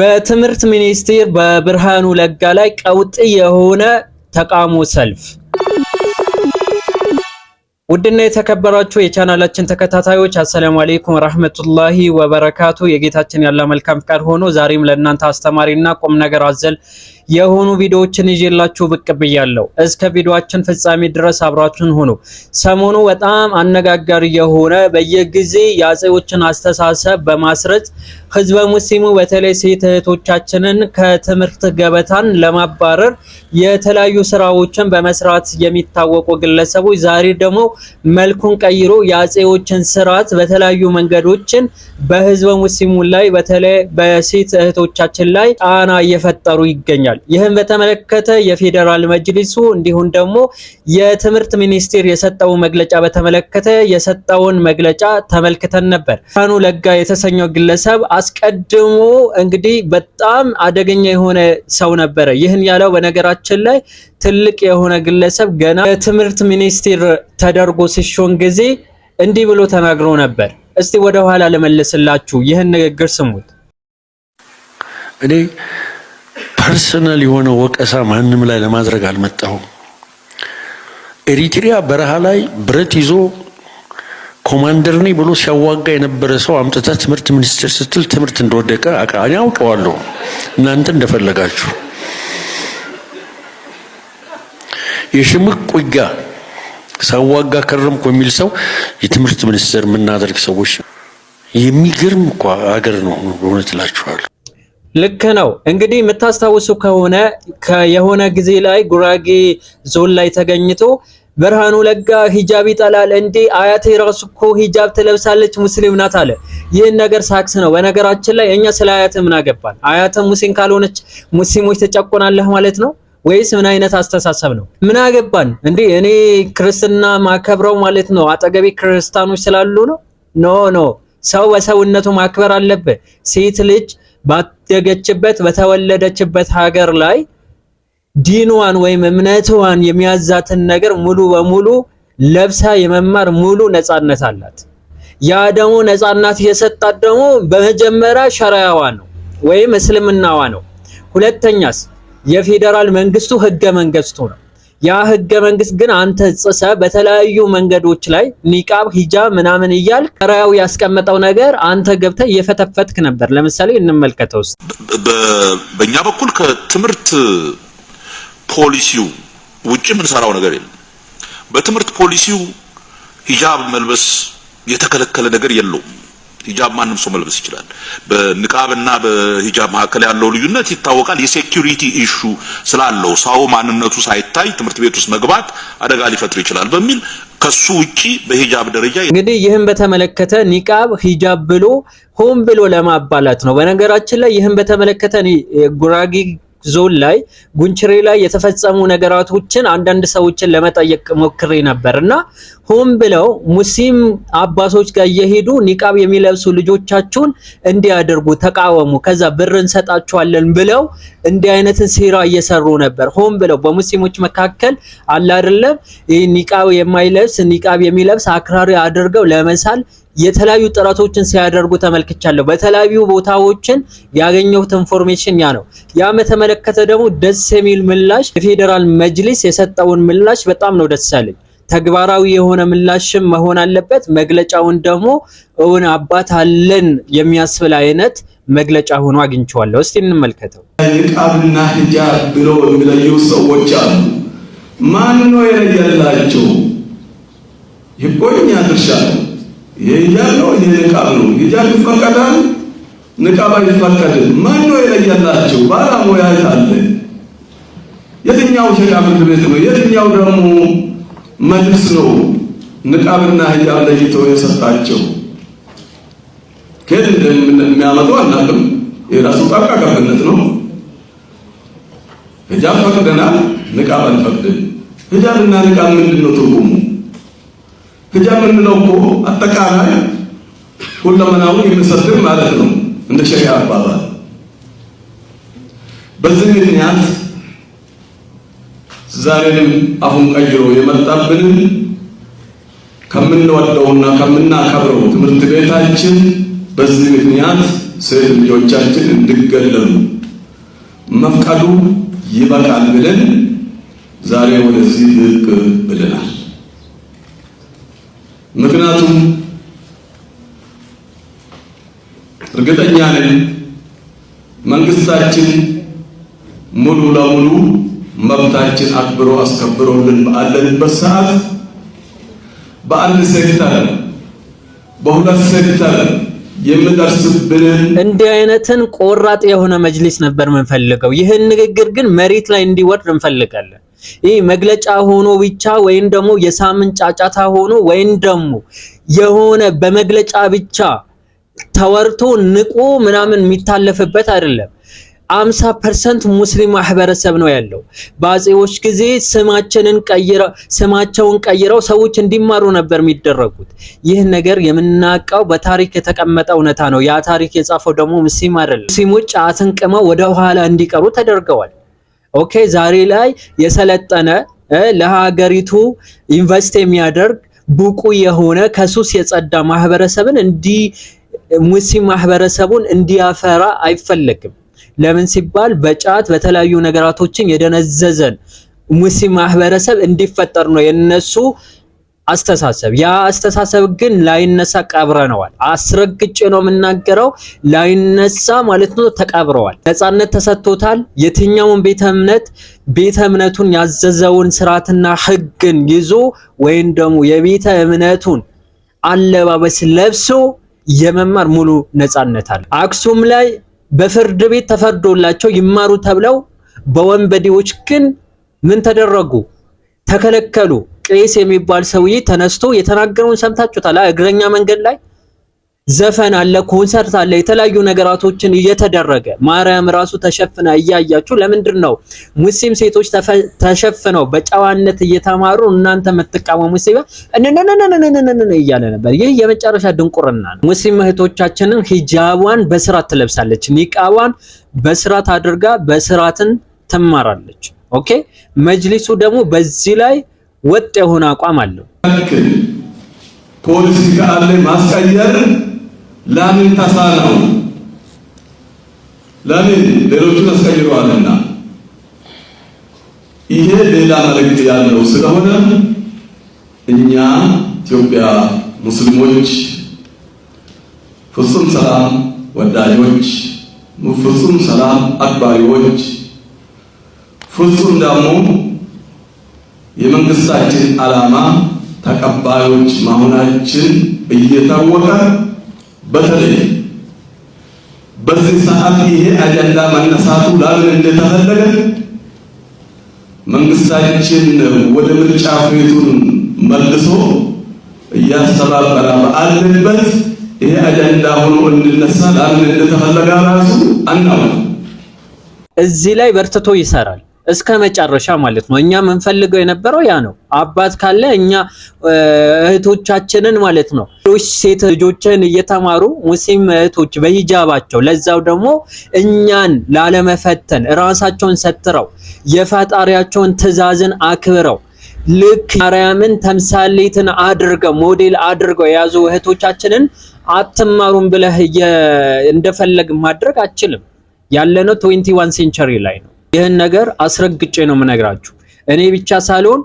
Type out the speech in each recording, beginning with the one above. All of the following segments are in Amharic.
በትምህርት ሚኒስቴር በብርሃኑ ለጋ ላይ ቀውጥ የሆነ ተቃውሞ ሰልፍ። ውድና የተከበራችሁ የቻናላችን ተከታታዮች አሰላሙ አለይኩም ረህመቱላሂ ወበረካቱ። የጌታችን ያለ መልካም ፍቃድ ሆኖ ዛሬም ለእናንተ አስተማሪና ቁም ነገር አዘል የሆኑ ቪዲዮዎችን ይዤላችሁ ብቅ ብያለሁ። እስከ ቪዲዮአችን ፍጻሜ ድረስ አብራችሁን ሆኑ። ሰሞኑ በጣም አነጋጋሪ የሆነ በየጊዜ የአጼዎችን አስተሳሰብ በማስረጽ ህዝበ ሙስሊሙ በተለይ ሴት እህቶቻችንን ከትምህርት ገበታን ለማባረር የተለያዩ ስራዎችን በመስራት የሚታወቁ ግለሰቦች ዛሬ ደግሞ መልኩን ቀይሮ የአጼዎችን ስርዓት በተለያዩ መንገዶችን በህዝበ ሙስሊሙ ላይ በተለይ በሴት እህቶቻችን ላይ ጫና እየፈጠሩ ይገኛል። ይገኛል። ይህም በተመለከተ የፌዴራል መጅሊሱ እንዲሁም ደግሞ የትምህርት ሚኒስቴር የሰጠው መግለጫ በተመለከተ የሰጠውን መግለጫ ተመልክተን ነበር። ካኑ ለጋ የተሰኘው ግለሰብ አስቀድሞ እንግዲህ በጣም አደገኛ የሆነ ሰው ነበረ። ይህን ያለው በነገራችን ላይ ትልቅ የሆነ ግለሰብ ገና የትምህርት ሚኒስቴር ተደርጎ ሲሾን ጊዜ እንዲህ ብሎ ተናግሮ ነበር። እስቲ ወደ ኋላ ለመለስላችሁ ይህን ንግግር ስሙት። እኔ ፐርሰናል የሆነ ወቀሳ ማንም ላይ ለማድረግ አልመጣሁም። ኤሪትሪያ በረሃ ላይ ብረት ይዞ ኮማንደር ነኝ ብሎ ሲያዋጋ የነበረ ሰው አምጥታ ትምህርት ሚኒስቴር ስትል ትምህርት እንደወደቀ እኔ አውቀዋለሁ። እናንተ እንደፈለጋችሁ የሽምቅ ቁጋ ሳዋጋ ከረምኩ የሚል ሰው የትምህርት ሚኒስቴር የምናደርግ ሰዎች የሚገርም እኮ አገር ነው። በእውነት እላችኋለሁ። ልክ ነው እንግዲህ የምታስታውሱ ከሆነ የሆነ ጊዜ ላይ ጉራጌ ዞን ላይ ተገኝቶ ብርሃኑ ለጋ ሂጃብ ይጠላል እንዴ? አያቴ ራሱ እኮ ሂጃብ ትለብሳለች ሙስሊም ናት አለ። ይህን ነገር ሳክስ ነው። በነገራችን ላይ እኛ ስለ አያት ምን አገባል? አያተ ሙስሊም ካልሆነች ሙስሊሞች ተጨቆናለህ ማለት ነው ወይስ ምን አይነት አስተሳሰብ ነው? ምን አገባን እንዴ? እኔ ክርስትና ማከብረው ማለት ነው አጠገቤ ክርስቲያኖች ስላሉ ነው። ኖ ኖ፣ ሰው በሰውነቱ ማክበር አለበት። ሴት ልጅ ባደገችበት በተወለደችበት ሀገር ላይ ዲንዋን ወይም እምነትዋን የሚያዛትን ነገር ሙሉ በሙሉ ለብሳ የመማር ሙሉ ነፃነት አላት። ያ ደግሞ ነፃነት የሰጣት ደግሞ በመጀመሪያ ሸሪዓዋ ነው ወይም እስልምናዋ ነው። ሁለተኛስ የፌዴራል መንግስቱ ህገ መንግስቱ ነው። ያ ህገ መንግስት ግን አንተ ጽሰ በተለያዩ መንገዶች ላይ ኒቃብ፣ ሂጃብ ምናምን እያልክ ራያው ያስቀመጠው ነገር አንተ ገብተ እየፈተፈትክ ነበር። ለምሳሌ እንመልከተው። በእኛ በኩል ከትምህርት ፖሊሲው ውጭ የምንሰራው ነገር የለም። በትምህርት ፖሊሲው ሂጃብ መልበስ የተከለከለ ነገር የለውም። ሂጃብ ማንም ሰው መልበስ ይችላል። በንቃብና በሂጃብ መካከል ያለው ልዩነት ይታወቃል። የሴኩሪቲ ኢሹ ስላለው ሰው ማንነቱ ሳይታይ ትምህርት ቤት ውስጥ መግባት አደጋ ሊፈጥር ይችላል በሚል ከሱ ውጪ በሂጃብ ደረጃ እንግዲህ ይህን በተመለከተ ኒቃብ ሂጃብ ብሎ ሆን ብሎ ለማባላት ነው። በነገራችን ላይ ይህን በተመለከተ ጉራጌ ዞን ላይ ጉንችሬ ላይ የተፈጸሙ ነገራቶችን አንዳንድ ሰዎችን ለመጠየቅ ሞክሬ ነበር እና ሆን ብለው ሙስሊም አባቶች ጋር እየሄዱ ኒቃብ የሚለብሱ ልጆቻችሁን እንዲያደርጉ ተቃወሙ፣ ከዛ ብር እንሰጣችኋለን ብለው እንዲህ አይነትን ሴራ እየሰሩ ነበር። ሆን ብለው በሙስሊሞች መካከል አለ አይደለም ይህ ኒቃብ የማይለብስ ኒቃብ የሚለብስ አክራሪ አድርገው ለመሳል የተለያዩ ጥረቶችን ሲያደርጉ ተመልክቻለሁ። በተለያዩ ቦታዎችን ያገኘሁት ኢንፎርሜሽን ያ ነው። ያ በተመለከተ ደግሞ ደስ የሚል ምላሽ የፌዴራል መጅሊስ የሰጠውን ምላሽ በጣም ነው ደስ ያለኝ። ተግባራዊ የሆነ ምላሽም መሆን አለበት። መግለጫውን ደግሞ እውን አባት አለን የሚያስብል አይነት መግለጫ ሆኖ አግኝቼዋለሁ። እስቲ እንመልከተው። ንቃብና ሂጃብ ብሎ የሚለዩ ሰዎች አሉ። ማን ነው የለየላቸው? ይቆኛ ድርሻ ነው የሂጃብ ነው የንቃብ ነው። ሂጃብ ይፈቀዳል፣ ንቃብ አይፈቀድም። ማን ነው የለየላችሁ? ባለሙያ አለ። የትኛው ሸሪዓ ፍርድ ቤት ነው? የትኛው ደግሞ መልስ ነው? ንቃብና ሂጃብ ለይተው የሰጣቸው ከየት እንደሚያመጡ አናውቅም። የራሱ ጣልቃ ገብነት ነው። ሂጃብ ፈቅደናል፣ ንቃብ አንፈቅድም። ሂጃብና ንቃብ ምንድን ነው ትርጉሙ? ግጃ የምንለው እኮ አጠቃላይ ሁለመናውን የሚሰትር ማለት ነው፣ እንደ ሸሪዓ አባባል። በዚህ ምክንያት ዛሬንም አሁን ቀይሮ የመጣብንን ከምንወደውና ከምናከብረው ትምህርት ቤታችን በዚህ ምክንያት ሴት ልጆቻችን እንዲገለሉ መፍቀዱ ይበቃል ብለን ዛሬ ወደዚህ ብቅ ብለናል። ምክንያቱም እርግጠኛ ነን መንግስታችን ሙሉ ለሙሉ መብታችን አክብሮ አስከብሮልን ባለንበት ሰዓት በአንድ ሴክተር በሁለት ሴክተር የምንደርስብንን እንዲህ አይነትን ቆራጥ የሆነ መጅሊስ ነበር የምንፈልገው። ይህን ንግግር ግን መሬት ላይ እንዲወርድ እንፈልጋለን። ይህ መግለጫ ሆኖ ብቻ ወይም ደግሞ የሳምንት ጫጫታ ሆኖ ወይም ደግሞ የሆነ በመግለጫ ብቻ ተወርቶ ንቆ ምናምን የሚታለፍበት አይደለም። አምሳ ፐርሰንት ሙስሊም ማህበረሰብ ነው ያለው። በአጼዎች ጊዜ ስማችንን ቀይረው ስማቸውን ቀይረው ሰዎች እንዲማሩ ነበር የሚደረጉት። ይህ ነገር የምናውቀው በታሪክ የተቀመጠ እውነታ ነው። ያ ታሪክ የጻፈው ደግሞ ሙስሊም አይደለም። ሙስሊሞች ጫትን ቅመው ወደ ኋላ እንዲቀሩ ተደርገዋል። ኦኬ ዛሬ ላይ የሰለጠነ ለሀገሪቱ ኢንቨስት የሚያደርግ ብቁ የሆነ ከሱስ የጸዳ ማህበረሰብን እንዲ ሙስሊም ማህበረሰቡን እንዲያፈራ አይፈለግም። ለምን ሲባል በጫት በተለያዩ ነገራቶችን የደነዘዘን ሙስሊም ማህበረሰብ እንዲፈጠር ነው የነሱ አስተሳሰብ ያ አስተሳሰብ ግን ላይነሳ ቀብረነዋል። አስረግጬ ነው የምናገረው፣ ላይነሳ ማለት ነው ተቀብረዋል። ነጻነት ተሰጥቶታል። የትኛውን ቤተ እምነት ቤተ እምነቱን ያዘዘውን ስርዓትና ሕግን ይዞ ወይም ደግሞ የቤተ እምነቱን አለባበስ ለብሶ የመማር ሙሉ ነጻነት አለ። አክሱም ላይ በፍርድ ቤት ተፈርዶላቸው ይማሩ ተብለው በወንበዴዎች ግን ምን ተደረጉ? ተከለከሉ። ቄስ የሚባል ሰውዬ ተነስቶ የተናገረውን ሰምታችሁታል። እግረኛ መንገድ ላይ ዘፈን አለ፣ ኮንሰርት አለ፣ የተለያዩ ነገራቶችን እየተደረገ ማርያም ራሱ ተሸፍና እያያችሁ ለምንድን ነው ሙስሊም ሴቶች ተሸፍነው በጨዋነት እየተማሩ እናንተ የምትቃወሙ? ሲባ እያለ ነበር። ይህ የመጨረሻ ድንቁርና ነው። ሙስሊም እህቶቻችንን ሂጃቧን በስራት ትለብሳለች፣ ኒቃቧን በስራት አድርጋ በስራትን ትማራለች። ኦኬ መጅሊሱ ደግሞ በዚህ ላይ ወጥ የሆነ አቋም አለው። ፖሊሲ ካለ ማስቀየር ለምን ተሳነው? ለምን ሌሎቹን አስቀይረዋልና ይሄ ሌላ መልእክት ያለው ስለሆነ እኛ ኢትዮጵያ ሙስሊሞች ፍጹም ሰላም ወዳጆች፣ ፍጹም ሰላም አክባሪዎች፣ ፍጹም ደግሞ የመንግስታችን ዓላማ ተቀባዮች መሆናችን እየታወቀ በተለይ በዚህ ሰዓት ይሄ አጀንዳ መነሳቱ ለምን እንደተፈለገ መንግስታችን ወደ ምርጫ ፍቱን መልሶ እያስተባበረ በአለበት ይሄ አጀንዳ ሆኖ እንድነሳ ለምን እንደተፈለገ ራሱ አናውቅም። እዚህ ላይ በርትቶ ይሰራል። እስከ መጨረሻ ማለት ነው። እኛ የምንፈልገው የነበረው ያ ነው። አባት ካለ እኛ እህቶቻችንን ማለት ነው ሴት ልጆችን እየተማሩ ሙስሊም እህቶች በሂጃባቸው ለዛው ደግሞ እኛን ላለመፈተን ራሳቸውን ሰትረው የፈጣሪያቸውን ትዕዛዝን አክብረው ልክ ማርያምን ተምሳሌትን አድርገው ሞዴል አድርገው የያዙ እህቶቻችንን አትማሩም ብለህ እንደፈለግ ማድረግ አችልም። ያለነው 21 ሴንቸሪ ላይ ነው። ይህን ነገር አስረግጬ ነው የምነግራችሁ። እኔ ብቻ ሳልሆን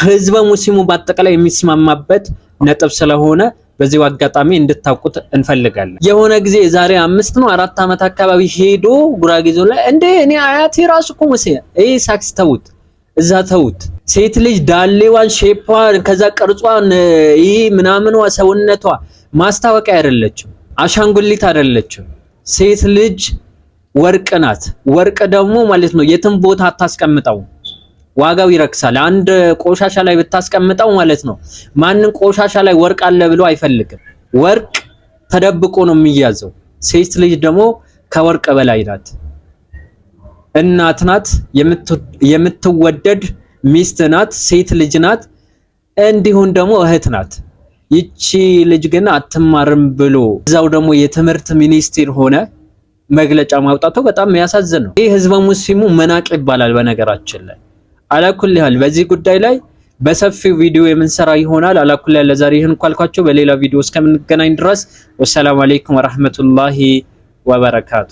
ህዝበ ሙስሊሙ በአጠቃላይ የሚስማማበት ነጥብ ስለሆነ በዚሁ አጋጣሚ እንድታውቁት እንፈልጋለን። የሆነ ጊዜ ዛሬ አምስት ነው አራት ዓመት አካባቢ ሄዶ ጉራጌ ዞን ላይ እንዴ እኔ አያቴ ራሱ እኮ ሙሴ ይህ ሳክስ ተዉት፣ እዛ ተዉት፣ ሴት ልጅ ዳሌዋን፣ ሼፓን፣ ከዛ ቅርጿን ይህ ምናምኗ ሰውነቷ ማስታወቂያ አይደለችም፣ አሻንጉሊት አይደለችም ሴት ልጅ ወርቅ ናት። ወርቅ ደግሞ ማለት ነው የትም ቦታ አታስቀምጠው፣ ዋጋው ይረክሳል። አንድ ቆሻሻ ላይ ብታስቀምጠው ማለት ነው ማንም ቆሻሻ ላይ ወርቅ አለ ብሎ አይፈልግም። ወርቅ ተደብቆ ነው የሚያዘው። ሴት ልጅ ደግሞ ከወርቅ በላይ ናት። እናት ናት፣ የምትወደድ ሚስት ናት፣ ሴት ልጅ ናት፣ እንዲሁም ደግሞ እህት ናት። ይቺ ልጅ ግን አትማርም ብሎ እዛው ደግሞ የትምህርት ሚኒስቴር ሆነ መግለጫ ማውጣቱ በጣም የሚያሳዝን ነው። ይህ ህዝበ ሙስሊሙ መናቅ ይባላል። በነገራችን ላይ አላኩል ያህል በዚህ ጉዳይ ላይ በሰፊው ቪዲዮ የምንሰራ ይሆናል። አላኩል ያህል ለዛሬ ይህን ኳልኳቸው። በሌላ ቪዲዮ እስከምንገናኝ ድረስ ወሰላም አሌይኩም ወራህመቱላሂ ወበረካቱ።